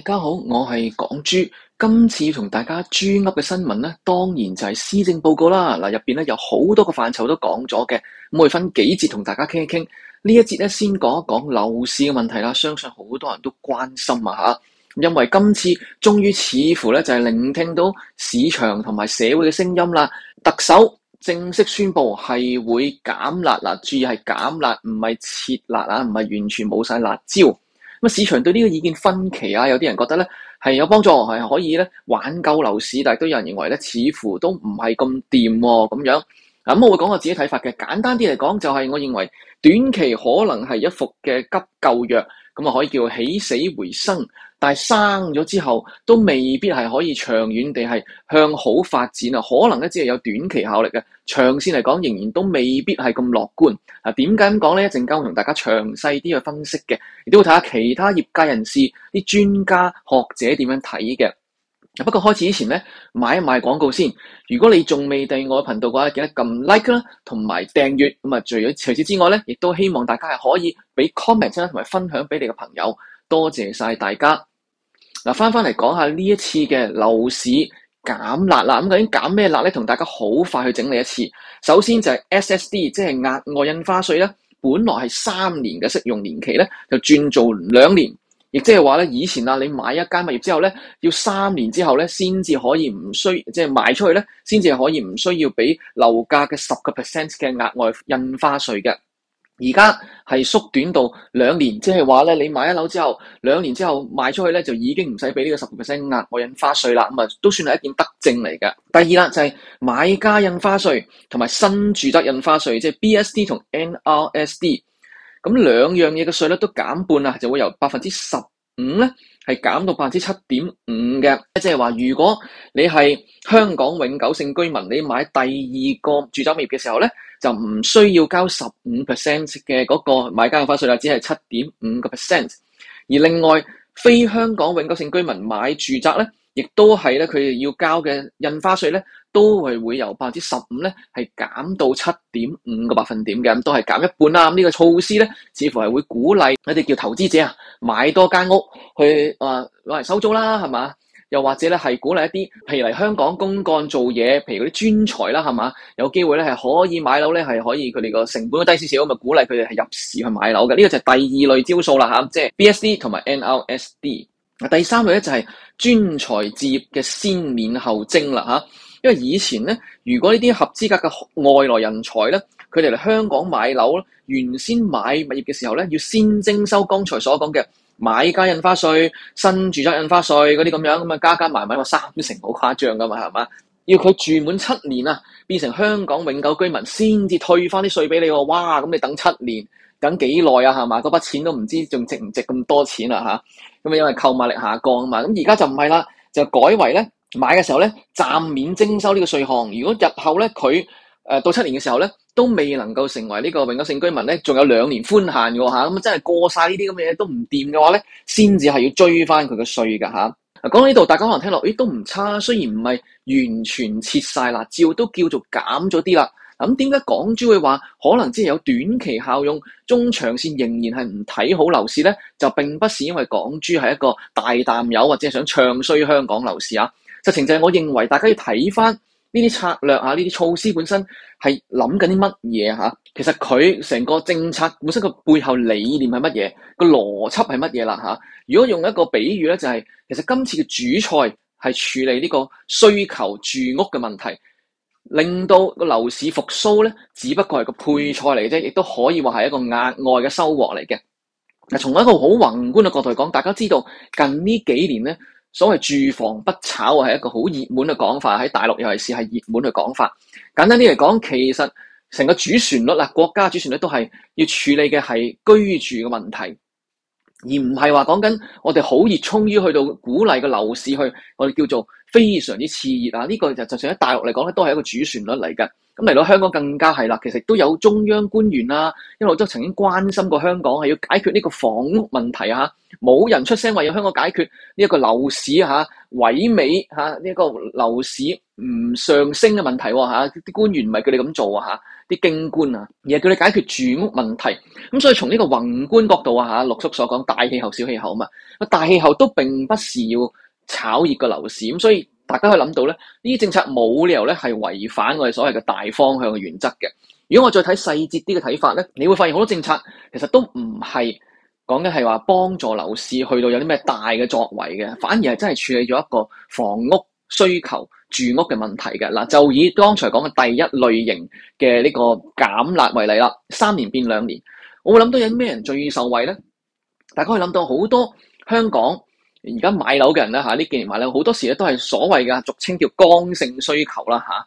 大家好，我係港豬。今次同大家專噏嘅新聞咧，當然就係施政報告啦。嗱，入邊咧有好多個範疇都講咗嘅，咁我會分幾節同大家傾一傾。呢一節咧先講一講樓市嘅問題啦，相信好多人都關心啊吓。因為今次終於似乎咧就係聆聽到市場同埋社會嘅聲音啦。特首正式宣布係會減辣，嗱，注意係減辣，唔係撤辣啊，唔係完全冇晒辣椒。咁市場對呢個意見分歧啊，有啲人覺得咧係有幫助，係可以咧挽救樓市，但係都有人認為咧，似乎都唔係咁掂喎，咁樣。咁、啊、我會講我自己睇法嘅，簡單啲嚟講就係，我認為短期可能係一服嘅急救藥，咁啊可以叫起死回生。但生咗之後，都未必係可以長遠地係向好發展啊！可能咧只係有短期效力嘅，長線嚟講仍然都未必係咁樂觀。嗱、啊，點解咁講咧？一陣間我同大家詳細啲去分析嘅，亦都會睇下其他業界人士、啲專家學者點樣睇嘅。不過開始之前咧，買一買廣告先。如果你仲未訂我頻道嘅話，記得撳 like 啦，同埋訂閱。咁啊，除咗除此之外咧，亦都希望大家係可以俾 comment 啦，同埋分享俾你嘅朋友。多謝晒大家！嗱，翻翻嚟講下呢一次嘅樓市減辣啦，咁究竟減咩辣咧？同大家好快去整理一次。首先就係 SSD，即係額外印花稅咧，本來係三年嘅適用年期咧，就轉做兩年，亦即係話咧，以前啊，你買一間物業之後咧，要三年之後咧，先至可以唔需，即係賣出去咧，先至可以唔需要俾樓價嘅十個 percent 嘅額外印花稅嘅。而家係縮短到兩年，即係話咧，你買一樓之後兩年之後賣出去咧，就已經唔使俾呢個十個 percent 嘅額外印花稅啦。咁啊，都算係一件德政嚟嘅。第二啦，就係、是、買家印花稅同埋新住宅印花稅，即係 BSD 同 NRSD，咁兩樣嘢嘅稅率都減半啦，就會由百分之十五咧。係減到百分之七點五嘅，即係話如果你係香港永久性居民，你買第二個住宅物業嘅時候咧，就唔需要交十五 percent 嘅嗰個買家印花稅啦，只係七點五個 percent。而另外非香港永久性居民買住宅咧。亦都係咧，佢哋要交嘅印花稅咧，都係會由百分之十五咧，係減到七點五個百分點嘅，都係減一半啦。咁、這、呢個措施咧，似乎係會鼓勵佢哋叫投資者啊，買多間屋去啊攞嚟收租啦，係嘛？又或者咧係鼓勵一啲，譬如嚟香港公幹做嘢，譬如嗰啲專才啦，係嘛？有機會咧係可以買樓咧，係可以佢哋個成本都低少少，咁，咪鼓勵佢哋係入市去買樓嘅。呢、這個就係第二類招數啦，吓，即、就、係、是、B S D 同埋 N L S D。第三個咧就係專才置業嘅先免後徵啦嚇，因為以前咧，如果呢啲合資格嘅外來人才咧，佢哋嚟香港買樓，原先買物業嘅時候咧，要先徵收剛才所講嘅買家印花稅、新住宅印花稅嗰啲咁樣咁啊，加加埋埋個三成好誇張㗎嘛，係嘛？要佢住滿七年啊，變成香港永久居民先至退返啲稅俾你喎，哇！咁你等七年。等幾耐啊，係嘛？嗰筆錢都唔知仲值唔值咁多錢啦、啊、嚇。咁啊，因為購買力下降啊嘛。咁而家就唔係啦，就改為咧，買嘅時候咧，暫免徵收呢個稅項。如果日後咧，佢誒到七年嘅時候咧都未能夠成為呢個永久性居民咧，仲有兩年寬限㗎喎嚇。咁、啊嗯、真係過晒呢啲咁嘅嘢都唔掂嘅話咧，先至係要追翻佢嘅稅㗎嚇。講到呢度，大家可能聽落，咦都唔差。雖然唔係完全切晒啦，照都叫做減咗啲啦。咁點解港珠佢話可能只係有短期效用，中長線仍然係唔睇好樓市咧？就並不是因為港珠係一個大淡友，或者係想唱衰香港樓市啊！實情就係，我認為大家要睇翻呢啲策略啊，呢啲措施本身係諗緊啲乜嘢嚇？其實佢成個政策本身個背後理念係乜嘢？個邏輯係乜嘢啦嚇？如果用一個比喻咧、就係，就係其實今次嘅主菜係處理呢個需求住屋嘅問題。令到個樓市復甦咧，只不過係個配菜嚟啫，亦都可以話係一個額外嘅收穫嚟嘅。嗱，從一個好宏觀嘅角度嚟講，大家知道近呢幾年咧，所謂住房不炒啊，係一個好熱門嘅講法喺大陸，尤其是係熱門嘅講法。簡單啲嚟講，其實成個主旋律啦，國家主旋律都係要處理嘅係居住嘅問題。而唔係話講緊我哋好熱衷於去到鼓勵個樓市去，我哋叫做非常之熾熱啊！呢個就就算喺大陸嚟講咧，都係一個主旋律嚟嘅。咁嚟到香港更加係啦，其實都有中央官員啦、啊，因為我都曾經關心過香港係要解決呢個房屋問題嚇，冇、啊、人出聲話要香港解決呢一個樓市嚇萎靡嚇呢個樓市唔上升嘅問題喎嚇，啲、啊、官員唔係叫你咁做啊嚇，啲京官啊，而係叫你解決住屋問題。咁、啊、所以從呢個宏觀角度啊嚇，陸叔所講大氣候小氣候啊嘛，大氣候都並不是要炒熱個樓市咁、啊，所以。大家可以諗到咧，呢啲政策冇理由咧係違反我哋所謂嘅大方向嘅原則嘅。如果我再睇細節啲嘅睇法咧，你會發現好多政策其實都唔係講緊係話幫助樓市去到有啲咩大嘅作為嘅，反而係真係處理咗一個房屋需求、住屋嘅問題嘅。嗱，就以剛才講嘅第一類型嘅呢個減辣為例啦，三年變兩年，我會諗到有咩人最受惠咧？大家可以諗到好多香港，而家買樓嘅人咧嚇，呢幾年買樓好多時咧都係所謂嘅俗稱叫剛性需求啦嚇、啊，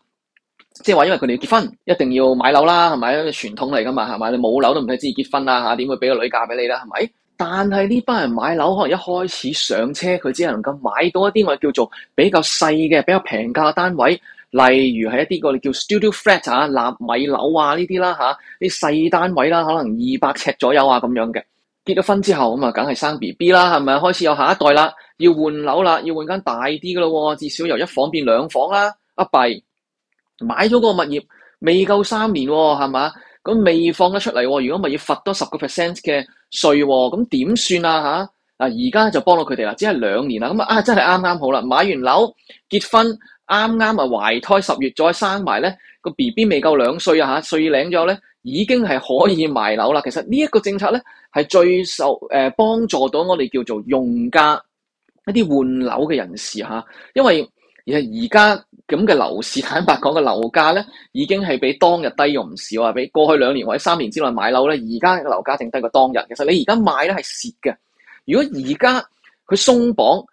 即係話因為佢哋要結婚一定要買樓啦，係咪？傳統嚟噶嘛，係咪？你冇樓都唔使知結婚啦嚇，點、啊、會俾個女嫁俾你啦？係咪？但係呢班人買樓可能一開始上車，佢只係能夠買到一啲我哋叫做比較細嘅、比較平價單位，例如係一啲個你叫 studio flat 啊、納米樓啊呢啲啦嚇，啲細、啊、單位啦，可能二百尺左右啊咁樣嘅。結咗婚之後咁啊，梗係生 B B 啦，係咪啊？開始有下一代啦，要換樓啦，要換間大啲嘅咯，至少由一房變兩房啦。阿弊買咗個物業未夠三年，係嘛？咁未放得出嚟，如果咪要罰多十個 percent 嘅稅，咁點算啊？吓嗱，而家就幫到佢哋啦，只係兩年啦。咁啊，真係啱啱好啦，買完樓結婚。啱啱啊，剛剛懷胎十月再生埋咧，個 B B 未夠兩歲啊吓，歲領咗咧，已經係可以買樓啦。其實呢一個政策咧，係最受誒、呃、幫助到我哋叫做用家一啲換樓嘅人士吓、啊，因為而係而家咁嘅樓市，坦白講嘅樓價咧，已經係比當日低用唔少啊！比過去兩年或者三年之內買樓咧，而家樓價淨低過當日。其實你而家買咧係蝕嘅。如果而家佢鬆綁，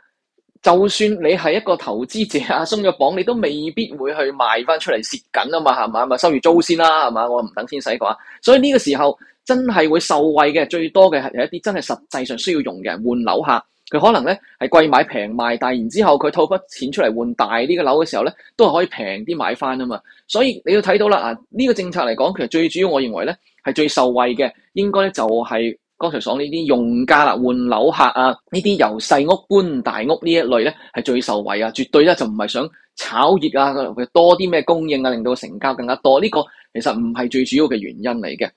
就算你係一個投資者啊，鬆咗綁你都未必會去賣翻出嚟蝕緊啊嘛，係嘛，咪收完租先啦，係嘛，我唔等先使嘅話，所以呢個時候真係會受惠嘅，最多嘅係有一啲真係實際上需要用嘅人換樓客，佢可能咧係貴買平賣，但然之後佢套筆錢出嚟換大啲嘅樓嘅時候咧，都係可以平啲買翻啊嘛，所以你要睇到啦啊，呢、這個政策嚟講，其實最主要我認為咧係最受惠嘅，應該咧就係、是。剛才講呢啲用家啦、換樓客啊，呢啲由細屋搬大屋呢一類咧，係最受惠啊！絕對咧就唔係想炒熱啊，多啲咩供應啊，令到成交更加多。呢個其實唔係最主要嘅原因嚟嘅。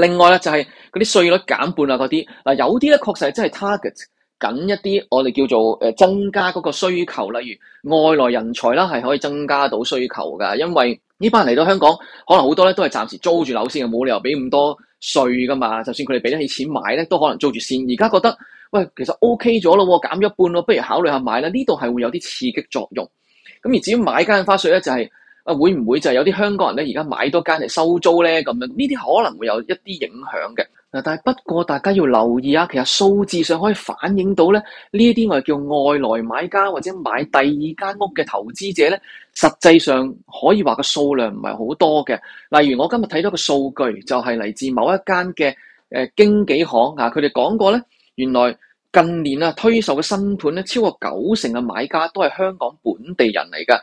另外咧就係嗰啲稅率減半啊，嗰啲，有啲咧確實係真係 target 緊一啲，我哋叫做誒增加嗰個需求。例如外來人才啦，係可以增加到需求噶，因為呢班人嚟到香港，可能好多咧都係暫時租住樓先，冇理由俾咁多。稅㗎嘛，就算佢哋俾得起錢買咧，都可能租住先。而家覺得喂，其實 OK 咗咯，減咗一半咯，不如考慮下買啦。呢度係會有啲刺激作用。咁而至於買間花稅咧，就係、係、啊會唔會就係有啲香港人咧而家買多間嚟收租咧咁樣？呢啲可能會有一啲影響嘅。嗱，但係不過大家要留意啊，其實數字上可以反映到咧呢啲，我叫外來買家或者買第二間屋嘅投資者咧，實際上可以話個數量唔係好多嘅。例如我今日睇到個數據，就係、是、嚟自某一間嘅誒、呃、經紀行啊，佢哋講過咧，原來近年啊推售嘅新盤咧，超過九成嘅買家都係香港本地人嚟㗎。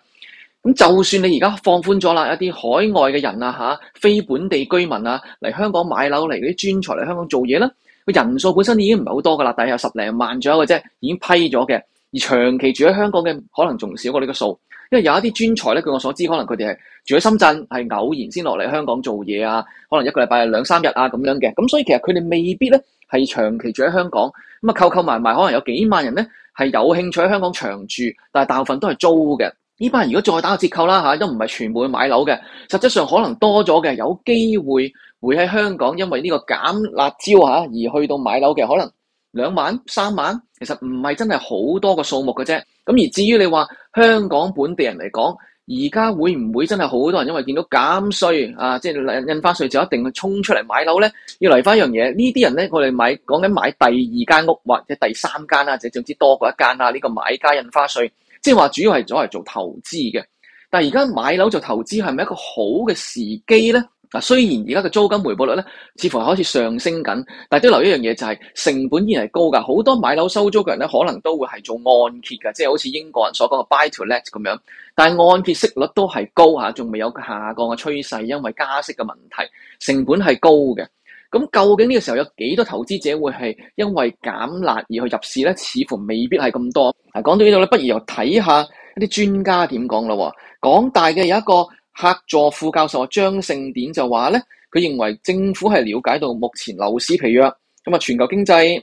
就算你而家放寬咗啦，有一啲海外嘅人啊，嚇非本地居民啊嚟香港買樓，嚟啲專才嚟香港做嘢啦，個人數本身已經唔係好多噶啦，但係有十零萬左右嘅啫，已經批咗嘅。而長期住喺香港嘅可能仲少過呢個數，因為有一啲專才咧，據我所知，可能佢哋係住喺深圳，係偶然先落嚟香港做嘢啊，可能一個禮拜兩三日啊咁樣嘅。咁所以其實佢哋未必咧係長期住喺香港。咁啊，扣扣埋埋，可能有幾萬人咧係有興趣喺香港長住，但係大部分都係租嘅。呢班人如果再打個折扣啦吓、啊，都唔係全部去買樓嘅，實質上可能多咗嘅，有機會會喺香港，因為呢個減辣椒吓、啊、而去到買樓嘅，可能兩萬、三萬，其實唔係真係好多個數目嘅啫。咁而至於你話香港本地人嚟講，而家會唔會真係好多人因為見到減稅啊,即係印花稅就一定去衝出嚟買樓咧？要嚟翻一樣嘢，呢啲人咧，我哋買講緊買第二間屋或者第三間啊，或者總之多過一間啊，呢個買家印花稅。即係話主要係攞嚟做投資嘅，但係而家買樓做投資係咪一個好嘅時機咧？嗱，雖然而家嘅租金回報率咧似乎係開始上升緊，但係都留意一樣嘢就係成本依然係高㗎。好多買樓收租嘅人咧，可能都會係做按揭㗎，即係好似英國人所講嘅 buy to let 咁樣。但係按揭息率都係高嚇，仲未有個下降嘅趨勢，因為加息嘅問題，成本係高嘅。咁究竟呢個時候有幾多投資者會係因為減辣而去入市咧？似乎未必係咁多。啊，講到呢度咧，不如又睇下一啲專家點講咯。港大嘅有一個客座副教授張勝典就話咧，佢認為政府係了解到目前樓市疲弱，咁啊全球經濟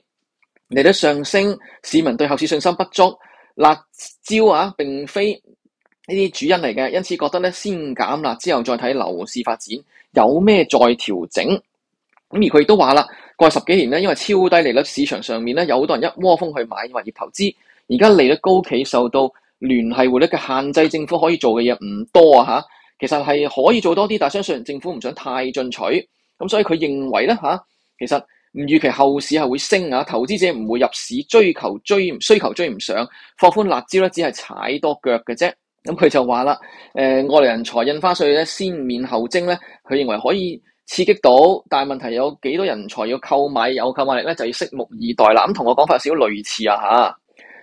嚟得上升，市民對後市信心不足，辣招啊並非呢啲主因嚟嘅，因此覺得咧先減辣之後再睇樓市發展有咩再調整。咁而佢亦都話啦，過去十幾年咧，因為超低利率，市場上面咧有好多人一窩蜂去買物業投資。而家利率高企，受到聯繫匯率嘅限制，政府可以做嘅嘢唔多啊！嚇，其實係可以做多啲，但係相信政府唔想太進取。咁所以佢認為咧嚇，其實唔預期後市係會升啊，投資者唔會入市追求追需求追唔上，放寬辣招咧只係踩多腳嘅啫。咁佢就話啦，誒、呃、外來人才印花稅咧先免後徵咧，佢認為可以。刺激到，但係問題有幾多人才要購買有購買力咧，就要拭目以待啦。咁同我講法有少少類似啊吓。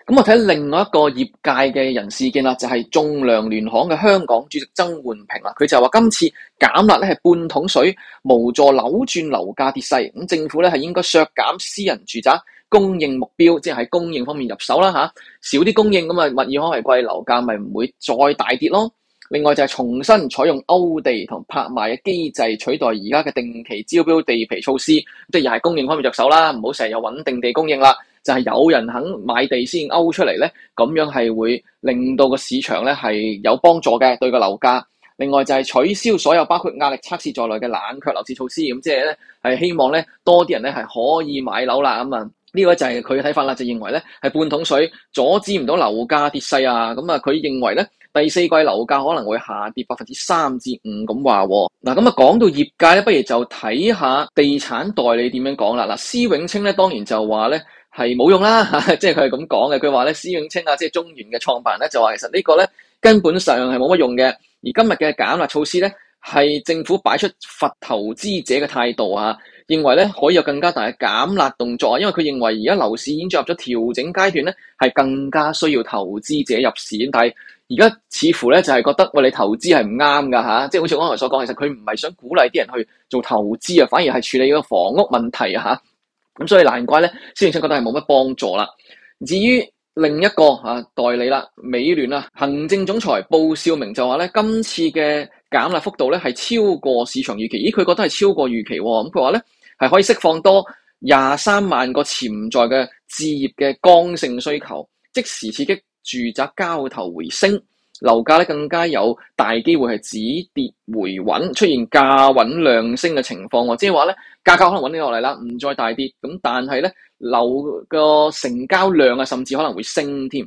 咁、嗯、我睇另外一個業界嘅人事件啦，啊，就係仲量聯行嘅香港主席曾煥平啦，佢就話今次減辣咧係半桶水，無助扭轉樓價跌勢。咁、嗯、政府咧係應該削減私人住宅供應目標，即係喺供應方面入手啦，啊、吓，少啲供應咁啊物以可為貴，樓價咪唔會再大跌咯。另外就係重新採用勾地同拍賣嘅機制取代而家嘅定期招標地皮措施，即係又係供應方面着手啦，唔好成日有穩定地供應啦，就係有人肯買地先勾出嚟咧，咁樣係會令到個市場咧係有幫助嘅對個樓價。另外就係取消所有包括壓力測試在內嘅冷卻樓市措施，咁即係咧係希望咧多啲人咧係可以買樓啦。咁啊，呢個就係佢嘅睇法啦，就認為咧係半桶水，阻止唔到樓價跌勢啊。咁啊，佢認為咧。第四季樓價可能會下跌百分之三至五咁話，嗱咁啊講到業界咧，不如就睇下地產代理點樣講啦。嗱、啊，施永青咧當然就話咧係冇用啦，哈哈即係佢係咁講嘅。佢話咧施永青啊，即係中原嘅創辦人咧就話，其實個呢個咧根本上係冇乜用嘅。而今日嘅減辣措施咧係政府擺出罰投資者嘅態度啊，認為咧可以有更加大嘅減辣動作啊，因為佢認為而家樓市已經進入咗調整階段咧，係更加需要投資者入市，但係。而家似乎咧就係、是、覺得我哋投資係唔啱噶嚇，即係好似剛才所講，其實佢唔係想鼓勵啲人去做投資啊，反而係處理個房屋問題嚇。咁、啊、所以難怪咧，施永青覺得係冇乜幫助啦。至於另一個嚇、啊、代理啦，美聯啦，行政總裁布少明就話咧，今次嘅減辣幅度咧係超過市場預期。咦？佢覺得係超過預期喎。咁佢話咧係可以釋放多廿三萬個潛在嘅置業嘅剛性需求，即時刺激，住宅交投回升，樓價咧更加有大機會係止跌回穩，出現價穩量升嘅情況喎，即係話咧價格可能穩定落嚟啦，唔再大跌咁，但係咧樓個成交量啊，甚至可能會升添。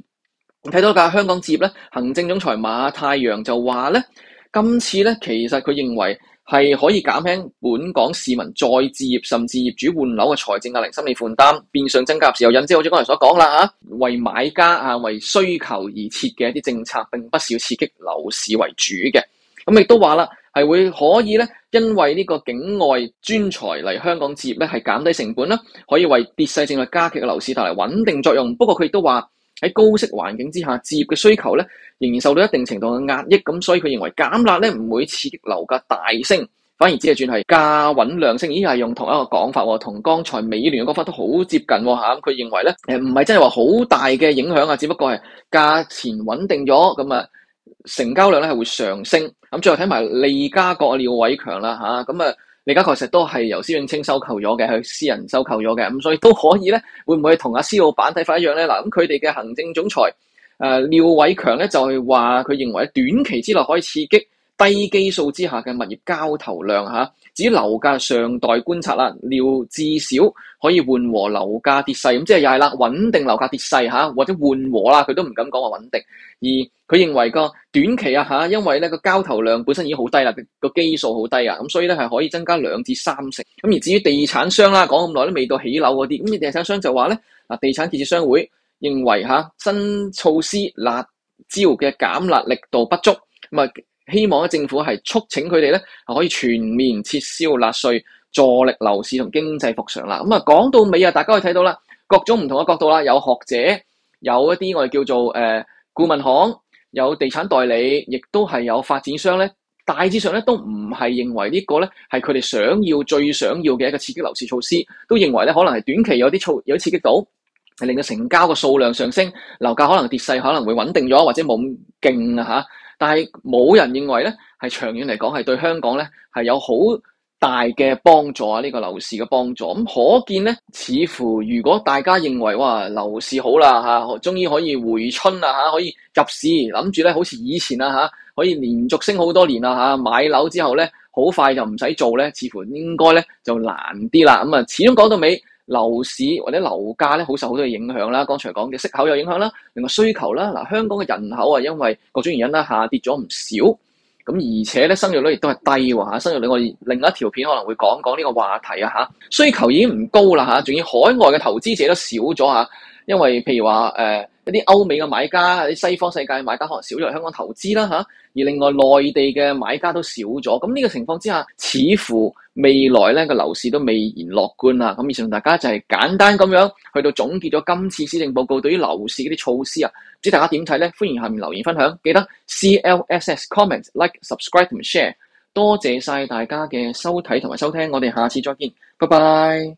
睇到架香港置業咧，行政總裁馬太陽就話咧，今次咧其實佢認為。係可以減輕本港市民再置業甚至業主換樓嘅財政壓力、心理負擔，變相增加。時有引資，好似剛才所講啦，吓，為買家啊為需求而設嘅一啲政策，並不是要刺激樓市為主嘅。咁亦都話啦，係會可以咧，因為呢個境外專才嚟香港置業咧，係減低成本啦，可以為跌勢正在加劇嘅樓市帶嚟穩定作用。不過佢亦都話。喺高息環境之下，置業嘅需求咧仍然受到一定程度嘅壓抑，咁所以佢認為減辣咧唔會刺激樓價大升，反而只係轉係價穩量升。咦，又係用同一個講法喎，同剛才美聯嘅講法都好接近喎。咁佢認為咧，誒唔係真係話好大嘅影響啊，只不過係價錢穩定咗，咁啊成交量咧係會上升。咁最後睇埋利嘉閣廖偉強啦，吓。咁啊。李家確實都係由施永青收購咗嘅，私人收購咗嘅，咁所以都可以呢。會唔會同阿施老闆睇法一樣呢？嗱，咁佢哋嘅行政總裁、呃、廖偉強呢，就係話，佢認為短期之內可以刺激。低基數之下嘅物業交投量嚇，至於樓價尚待觀察啦。料至少可以緩和樓價跌勢，咁即係又係啦，穩定樓價跌勢嚇，或者緩和啦，佢都唔敢講話穩定。而佢認為個短期啊嚇，因為咧個交投量本身已經好低啦，個基數好低啊，咁所以咧係可以增加兩至三成。咁而至於地產商啦，講咁耐都未到起樓嗰啲，咁地產商就話咧，嗱，地產建設商會認為嚇新措施辣招嘅減辣力度不足，咁啊。希望咧，政府係促請佢哋咧，可以全面撤銷辣稅，助力樓市同經濟復常啦。咁、嗯、啊，講到尾啊，大家可以睇到啦，各種唔同嘅角度啦，有學者，有一啲我哋叫做誒顧、呃、問行，有地產代理，亦都係有發展商咧，大致上咧都唔係認為呢個咧係佢哋想要最想要嘅一個刺激樓市措施，都認為咧可能係短期有啲促有刺激到，令到成交個數量上升，樓價可能跌勢可能會穩定咗，或者冇咁勁啊吓。但係冇人認為咧，係長遠嚟講係對香港咧係有好大嘅幫助啊！呢、這個樓市嘅幫助。咁，可見咧，似乎如果大家認為哇樓市好啦嚇、啊，終於可以回春啦嚇、啊，可以入市，諗住咧好似以前啦嚇，可以連續升好多年啦嚇、啊，買樓之後咧，好快就唔使做咧，似乎應該咧就難啲啦。咁、嗯、啊，始終講到尾。樓市或者樓價咧，好受好多嘅影響啦。剛才講嘅息口有影響啦，另外需求啦，嗱香港嘅人口啊，因為各種原因啦，下跌咗唔少。咁而且咧，生育率亦都係低喎，吓生育率我另一條片可能會講講呢個話題啊，吓需求已經唔高啦，吓仲要海外嘅投資者都少咗吓，因為譬如話誒。呃一啲歐美嘅買家，啲西方世界買家可能少咗喺香港投資啦嚇，而另外內地嘅買家都少咗，咁呢個情況之下，似乎未來咧個樓市都未然樂觀啦。咁以上大家就係簡單咁樣去到總結咗今次施政報告對於樓市嗰啲措施啊，唔知大家點睇咧？歡迎下面留言分享，記得 CLSS comment like subscribe 同 share，多謝晒大家嘅收睇同埋收聽，我哋下次再見，拜拜。